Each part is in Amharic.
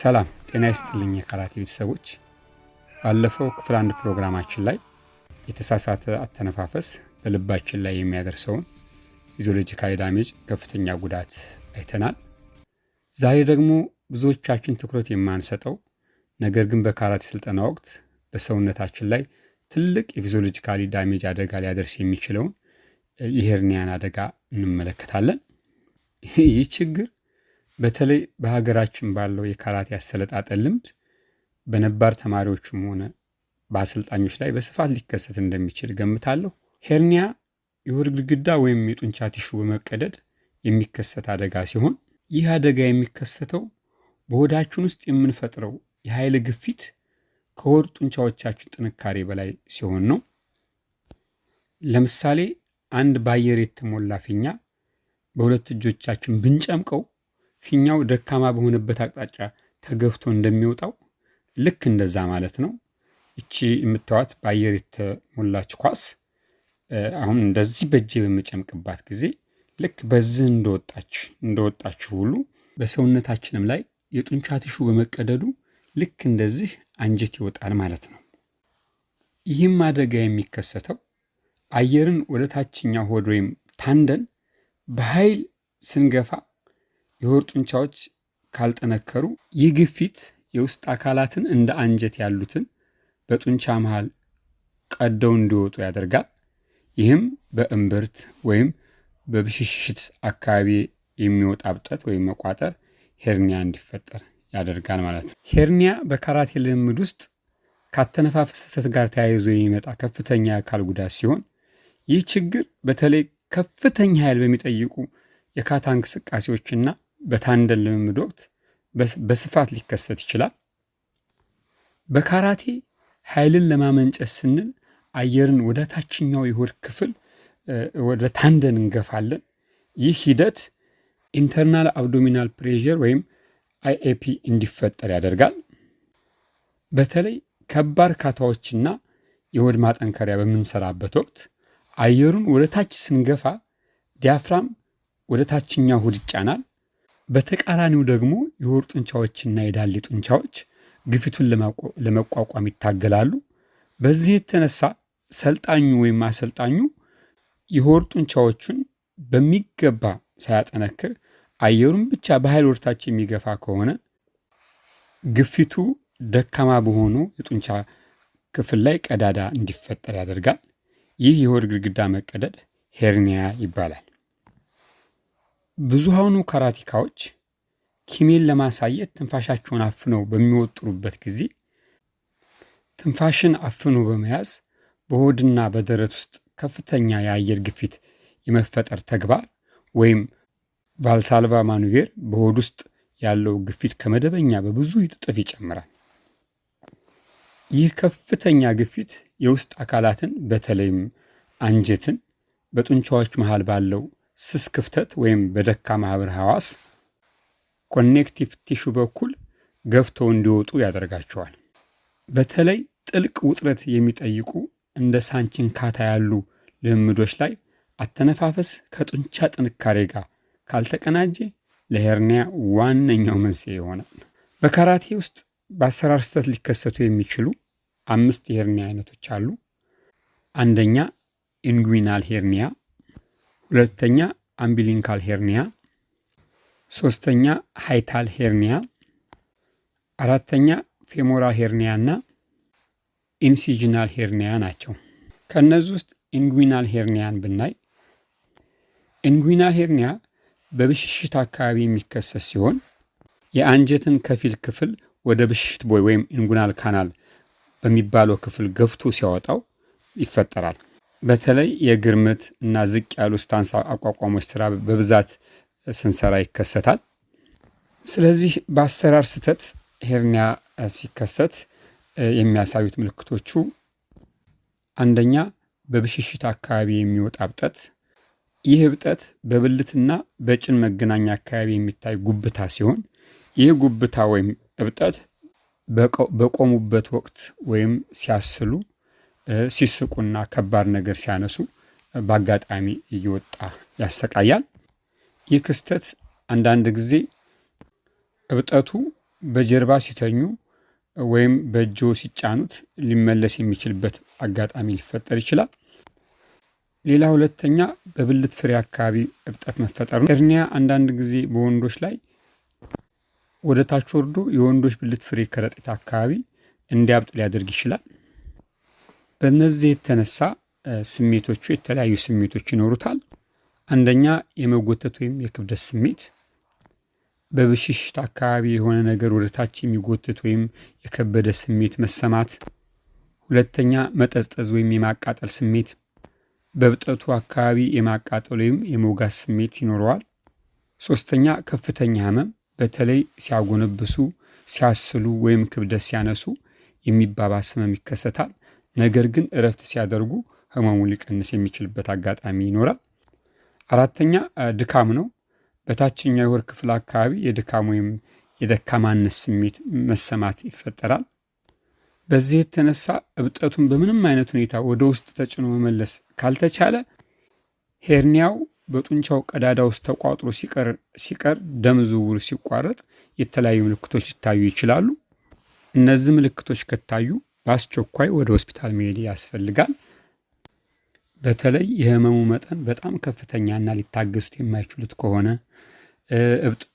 ሰላም ጤና ይስጥልኝ የካራቴ ቤተሰቦች። ባለፈው ክፍል አንድ ፕሮግራማችን ላይ የተሳሳተ አተነፋፈስ በልባችን ላይ የሚያደርሰውን ፊዚዮሎጂካዊ ዳሜጅ ከፍተኛ ጉዳት አይተናል። ዛሬ ደግሞ ብዙዎቻችን ትኩረት የማንሰጠው ነገር ግን በካራቴ ስልጠና ወቅት በሰውነታችን ላይ ትልቅ የፊዚዮሎጂካሊ ዳሜጅ አደጋ ሊያደርስ የሚችለውን የሄርኒያን አደጋ እንመለከታለን። ይህ ችግር በተለይ በሀገራችን ባለው የካራቴ አሰለጣጠን ልምድ በነባር ተማሪዎችም ሆነ በአሰልጣኞች ላይ በስፋት ሊከሰት እንደሚችል ገምታለሁ። ሄርኒያ የሆድ ግድግዳ ወይም የጡንቻ ቲሹ በመቀደድ የሚከሰት አደጋ ሲሆን ይህ አደጋ የሚከሰተው በሆዳችን ውስጥ የምንፈጥረው የኃይል ግፊት ከሆድ ጡንቻዎቻችን ጥንካሬ በላይ ሲሆን ነው። ለምሳሌ አንድ በአየር የተሞላ ፊኛ በሁለት እጆቻችን ብንጨምቀው ፊኛው ደካማ በሆነበት አቅጣጫ ተገፍቶ እንደሚወጣው ልክ እንደዛ ማለት ነው። እቺ የምታዩት በአየር የተሞላች ኳስ አሁን እንደዚህ በእጄ በመጨምቅባት ጊዜ ልክ በዚህ እንደወጣች እንደወጣችሁ ሁሉ በሰውነታችንም ላይ የጡንቻ ቲሹ በመቀደዱ ልክ እንደዚህ አንጀት ይወጣል ማለት ነው። ይህም አደጋ የሚከሰተው አየርን ወደ ታችኛው ሆድ ወይም ታንደን በኃይል ስንገፋ የሆድ ጡንቻዎች ካልጠነከሩ ይህ ግፊት የውስጥ አካላትን እንደ አንጀት ያሉትን በጡንቻ መሃል ቀደው እንዲወጡ ያደርጋል። ይህም በእምብርት ወይም በብሽሽት አካባቢ የሚወጣ እብጠት ወይም መቋጠር ሄርኒያ እንዲፈጠር ያደርጋል ማለት ነው። ሄርኒያ በካራቴ ልምምድ ውስጥ ካተነፋፈስ ስህተት ጋር ተያይዞ የሚመጣ ከፍተኛ የአካል ጉዳት ሲሆን ይህ ችግር በተለይ ከፍተኛ ኃይል በሚጠይቁ የካታ እንቅስቃሴዎችና በታንደን ልምምድ ወቅት በስፋት ሊከሰት ይችላል። በካራቴ ኃይልን ለማመንጨት ስንል አየርን ወደ ታችኛው የሆድ ክፍል ወደ ታንደን እንገፋለን። ይህ ሂደት ኢንተርናል አብዶሚናል ፕሬር ወይም አይኤፒ እንዲፈጠር ያደርጋል። በተለይ ከባድ ካታዎችና የሆድ ማጠንከሪያ በምንሰራበት ወቅት አየሩን ወደ ታች ስንገፋ ዲያፍራም ወደ ታችኛው ሆድ ይጫናል። በተቃራኒው ደግሞ የወር ጡንቻዎችና የዳሌ ጡንቻዎች ግፊቱን ለመቋቋም ይታገላሉ። በዚህ የተነሳ ሰልጣኙ ወይም አሰልጣኙ የሆድ ጡንቻዎቹን በሚገባ ሳያጠነክር አየሩን ብቻ በኃይል ወርታች የሚገፋ ከሆነ ግፊቱ ደካማ በሆኑ የጡንቻ ክፍል ላይ ቀዳዳ እንዲፈጠር ያደርጋል። ይህ የሆድ ግድግዳ መቀደድ ሄርኒያ ይባላል። ብዙሃኑ ካራቲካዎች ኪሜን ለማሳየት ትንፋሻቸውን አፍነው በሚወጥሩበት ጊዜ ትንፋሽን አፍኖ በመያዝ በሆድና በደረት ውስጥ ከፍተኛ የአየር ግፊት የመፈጠር ተግባር ወይም ቫልሳልቫ ማኑቬር በሆድ ውስጥ ያለው ግፊት ከመደበኛ በብዙ እጥፍ ይጨምራል። ይህ ከፍተኛ ግፊት የውስጥ አካላትን በተለይም አንጀትን በጡንቻዎች መሃል ባለው ስስ ክፍተት ወይም በደካማ ህብረ ህዋስ ኮኔክቲቭ ቲሹ በኩል ገፍተው እንዲወጡ ያደርጋቸዋል። በተለይ ጥልቅ ውጥረት የሚጠይቁ እንደ ሳንቺንካታ ያሉ ልምምዶች ላይ አተነፋፈስ ከጡንቻ ጥንካሬ ጋር ካልተቀናጀ ለሄርኒያ ዋነኛው መንስኤ ይሆናል። በካራቴ ውስጥ በአሰራር ስህተት ሊከሰቱ የሚችሉ አምስት የሄርኒያ አይነቶች አሉ። አንደኛ ኢንጉዊናል ሄርኒያ ሁለተኛ አምቢሊንካል ሄርኒያ፣ ሶስተኛ ሃይታል ሄርኒያ፣ አራተኛ ፌሞራል ሄርኒያ እና ኢንሲጅናል ሄርኒያ ናቸው። ከእነዚህ ውስጥ ኢንጉናል ሄርኒያን ብናይ ኢንጉናል ሄርኒያ በብሽሽት አካባቢ የሚከሰት ሲሆን የአንጀትን ከፊል ክፍል ወደ ብሽሽት ቦይ ወይም ኢንጉናል ካናል በሚባለው ክፍል ገፍቶ ሲያወጣው ይፈጠራል። በተለይ የግርምት እና ዝቅ ያሉ ስታንስ አቋቋሞች ስራ በብዛት ስንሰራ ይከሰታል። ስለዚህ በአሰራር ስህተት ሄርኒያ ሲከሰት የሚያሳዩት ምልክቶቹ አንደኛ በብሽሽት አካባቢ የሚወጣ እብጠት። ይህ እብጠት በብልትና በጭን መገናኛ አካባቢ የሚታይ ጉብታ ሲሆን ይህ ጉብታ ወይም እብጠት በቆሙበት ወቅት ወይም ሲያስሉ ሲስቁና ከባድ ነገር ሲያነሱ በአጋጣሚ እየወጣ ያሰቃያል። ይህ ክስተት አንዳንድ ጊዜ እብጠቱ በጀርባ ሲተኙ ወይም በእጆ ሲጫኑት ሊመለስ የሚችልበት አጋጣሚ ሊፈጠር ይችላል። ሌላ ሁለተኛ በብልት ፍሬ አካባቢ እብጠት መፈጠር ነው። ኤርኒያ አንዳንድ ጊዜ በወንዶች ላይ ወደ ታች ወርዶ የወንዶች ብልት ፍሬ ከረጢት አካባቢ እንዲያብጥ ሊያደርግ ይችላል። በነዚህ የተነሳ ስሜቶቹ የተለያዩ ስሜቶች ይኖሩታል። አንደኛ የመጎተት ወይም የክብደት ስሜት፣ በብሽሽት አካባቢ የሆነ ነገር ወደ ታች የሚጎትት ወይም የከበደ ስሜት መሰማት። ሁለተኛ መጠዝጠዝ ወይም የማቃጠል ስሜት፣ በብጠቱ አካባቢ የማቃጠል ወይም የመውጋት ስሜት ይኖረዋል። ሶስተኛ ከፍተኛ ህመም፣ በተለይ ሲያጎነብሱ፣ ሲያስሉ ወይም ክብደት ሲያነሱ የሚባባስ ህመም ይከሰታል። ነገር ግን እረፍት ሲያደርጉ ህመሙ ሊቀንስ የሚችልበት አጋጣሚ ይኖራል። አራተኛ ድካም ነው። በታችኛው የሆድ ክፍል አካባቢ የድካም ወይም የደካማነት ስሜት መሰማት ይፈጠራል። በዚህ የተነሳ እብጠቱን በምንም አይነት ሁኔታ ወደ ውስጥ ተጭኖ መመለስ ካልተቻለ ሄርኒያው በጡንቻው ቀዳዳ ውስጥ ተቋጥሮ ሲቀር ደም ዝውውር ሲቋረጥ የተለያዩ ምልክቶች ሊታዩ ይችላሉ። እነዚህ ምልክቶች ከታዩ በአስቸኳይ ወደ ሆስፒታል መሄድ ያስፈልጋል። በተለይ የህመሙ መጠን በጣም ከፍተኛና ሊታገሱት የማይችሉት ከሆነ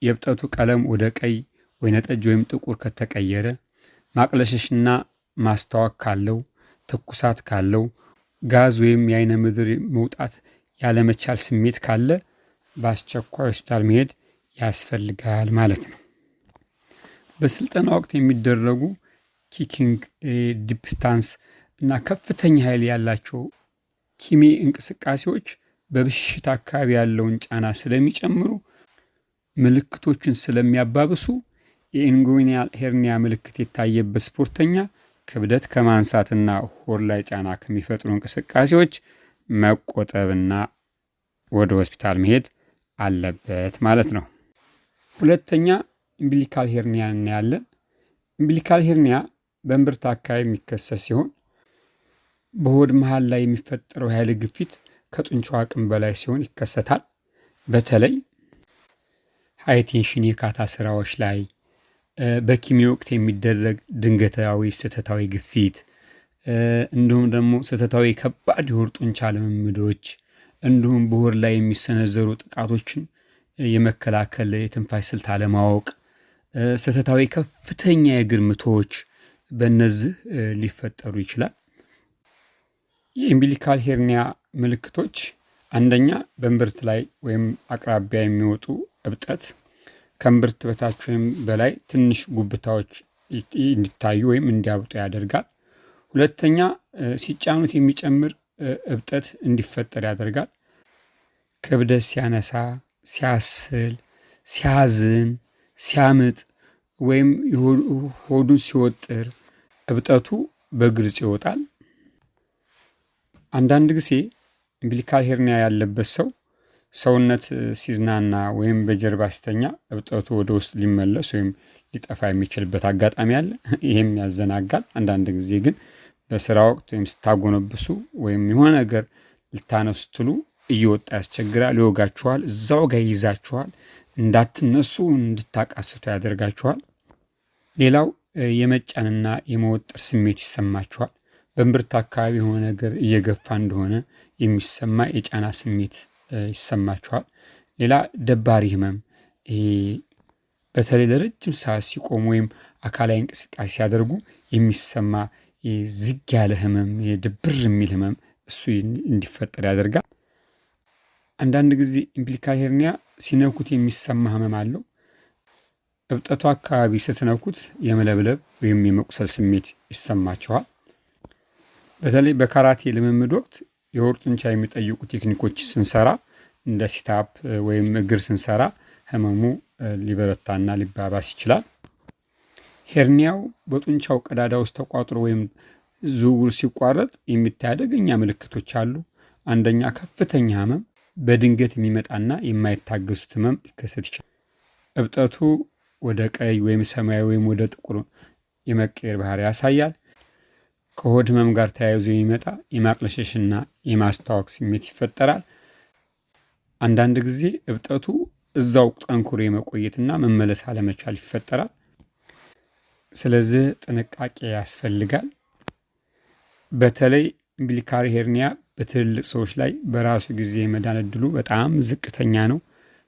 የእብጠቱ ቀለም ወደ ቀይ፣ ወይነጠጅ ወይም ጥቁር ከተቀየረ፣ ማቅለሸሽና ማስታወክ ካለው፣ ትኩሳት ካለው፣ ጋዝ ወይም የአይነ ምድር መውጣት ያለመቻል ስሜት ካለ በአስቸኳይ ሆስፒታል መሄድ ያስፈልጋል ማለት ነው። በስልጠና ወቅት የሚደረጉ ኪኪንግ፣ ዲፕስታንስ እና ከፍተኛ ኃይል ያላቸው ኪሜ እንቅስቃሴዎች በብሽሽት አካባቢ ያለውን ጫና ስለሚጨምሩ ምልክቶችን ስለሚያባብሱ የኢንጉዊኒያል ሄርኒያ ምልክት የታየበት ስፖርተኛ ክብደት ከማንሳትና ሆድ ላይ ጫና ከሚፈጥሩ እንቅስቃሴዎች መቆጠብና ወደ ሆስፒታል መሄድ አለበት ማለት ነው። ሁለተኛ ኢምቢሊካል ሄርኒያ እናያለን። ኢምቢሊካል ሄርኒያ በእምብርት አካባቢ የሚከሰት ሲሆን በሆድ መሃል ላይ የሚፈጠረው የኃይል ግፊት ከጡንቻው አቅም በላይ ሲሆን ይከሰታል። በተለይ ሃይቴንሽን የካታ ስራዎች ላይ በኪሚ ወቅት የሚደረግ ድንገታዊ ስህተታዊ ግፊት እንዲሁም ደግሞ ስህተታዊ ከባድ የሆድ ጡንቻ ልምምዶች እንዲሁም በሆድ ላይ የሚሰነዘሩ ጥቃቶችን የመከላከል የትንፋሽ ስልት አለማወቅ ስህተታዊ ከፍተኛ የእግር ምቶች በእነዚህ ሊፈጠሩ ይችላል። የኢምቢሊካል ሄርኒያ ምልክቶች አንደኛ በእምብርት ላይ ወይም አቅራቢያ የሚወጡ እብጠት፣ ከእምብርት በታች ወይም በላይ ትንሽ ጉብታዎች እንዲታዩ ወይም እንዲያብጡ ያደርጋል። ሁለተኛ ሲጫኑት የሚጨምር እብጠት እንዲፈጠር ያደርጋል። ክብደት ሲያነሳ፣ ሲያስል፣ ሲያዝን፣ ሲያምጥ ወይም ሆዱን ሲወጥር እብጠቱ በግልጽ ይወጣል። አንዳንድ ጊዜ ኢምቢሊካል ሄርኒያ ያለበት ሰው ሰውነት ሲዝናና ወይም በጀርባ ሲተኛ እብጠቱ ወደ ውስጥ ሊመለስ ወይም ሊጠፋ የሚችልበት አጋጣሚ አለ። ይህም ያዘናጋል። አንዳንድ ጊዜ ግን በስራ ወቅት ወይም ስታጎነብሱ ወይም የሆነ ነገር ልታነሱ ስትሉ እየወጣ ያስቸግራል፣ ይወጋችኋል፣ እዛው ጋር ይይዛችኋል፣ እንዳትነሱ እንድታቃስቱ ያደርጋችኋል። ሌላው የመጫንና የመወጠር ስሜት ይሰማችኋል። በእምብርት አካባቢ የሆነ ነገር እየገፋ እንደሆነ የሚሰማ የጫና ስሜት ይሰማችኋል። ሌላ ደባሪ ህመም፣ በተለይ ለረጅም ሰዓት ሲቆሙ ወይም አካላዊ እንቅስቃሴ ሲያደርጉ የሚሰማ ዝግ ያለ ህመም፣ ድብር የሚል ህመም እሱ እንዲፈጠር ያደርጋል። አንዳንድ ጊዜ ኢምቢሊካል ሄርኒያ ሲነኩት የሚሰማ ህመም አለው። እብጠቱ አካባቢ ስትነኩት የመለብለብ ወይም የመቁሰል ስሜት ይሰማቸዋል። በተለይ በካራቴ ልምምድ ወቅት የሆድ ጡንቻ የሚጠይቁ ቴክኒኮች ስንሰራ እንደ ሲታፕ ወይም እግር ስንሰራ ህመሙ ሊበረታና ሊባባስ ይችላል። ሄርኒያው በጡንቻው ቀዳዳ ውስጥ ተቋጥሮ ወይም ዝውውር ሲቋረጥ የሚታይ አደገኛ ምልክቶች አሉ። አንደኛ ከፍተኛ ህመም፣ በድንገት የሚመጣና የማይታገሱት ህመም ሊከሰት ይችላል። እብጠቱ ወደ ቀይ ወይም ሰማያዊ ወይም ወደ ጥቁር የመቀየር ባህሪ ያሳያል። ከሆድ ህመም ጋር ተያይዞ የሚመጣ የማቅለሸሽና የማስታወክ ስሜት ይፈጠራል። አንዳንድ ጊዜ እብጠቱ እዛው ጠንክሮ የመቆየትና መመለስ አለመቻል ይፈጠራል። ስለዚህ ጥንቃቄ ያስፈልጋል። በተለይ እምቢሊካል ሄርኒያ በትልልቅ ሰዎች ላይ በራሱ ጊዜ የመዳን እድሉ በጣም ዝቅተኛ ነው።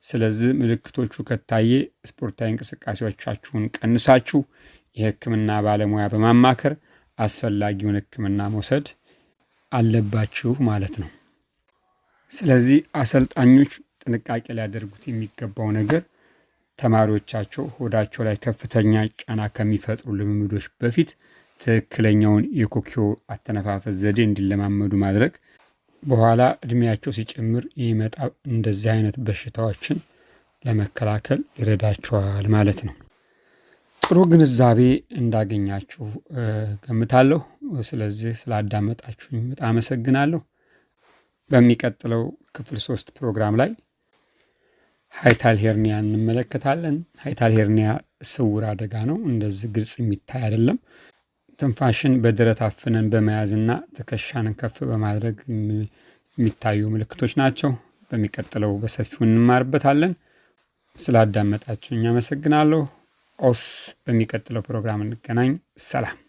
ስለዚህ ምልክቶቹ ከታየ ስፖርታዊ እንቅስቃሴዎቻችሁን ቀንሳችሁ የሕክምና ባለሙያ በማማከር አስፈላጊውን ሕክምና መውሰድ አለባችሁ ማለት ነው። ስለዚህ አሰልጣኞች ጥንቃቄ ሊያደርጉት የሚገባው ነገር ተማሪዎቻቸው ሆዳቸው ላይ ከፍተኛ ጫና ከሚፈጥሩ ልምምዶች በፊት ትክክለኛውን የኮኪዮ አተነፋፈስ ዘዴ እንዲለማመዱ ማድረግ በኋላ እድሜያቸው ሲጨምር የሚመጣ እንደዚህ አይነት በሽታዎችን ለመከላከል ይረዳቸዋል ማለት ነው። ጥሩ ግንዛቤ እንዳገኛችሁ ገምታለሁ። ስለዚህ ስላዳመጣችሁኝ በጣም አመሰግናለሁ። በሚቀጥለው ክፍል ሶስት ፕሮግራም ላይ ሀይታል ሄርኒያ እንመለከታለን። ሀይታል ሄርኒያ ስውር አደጋ ነው። እንደዚህ ግልጽ የሚታይ አይደለም። ትንፋሽን በደረት አፍነን በመያዝና ትከሻን ከፍ በማድረግ የሚታዩ ምልክቶች ናቸው። በሚቀጥለው በሰፊው እንማርበታለን። እኛ አመሰግናለሁ። ኦስ በሚቀጥለው ፕሮግራም እንገናኝ። ሰላም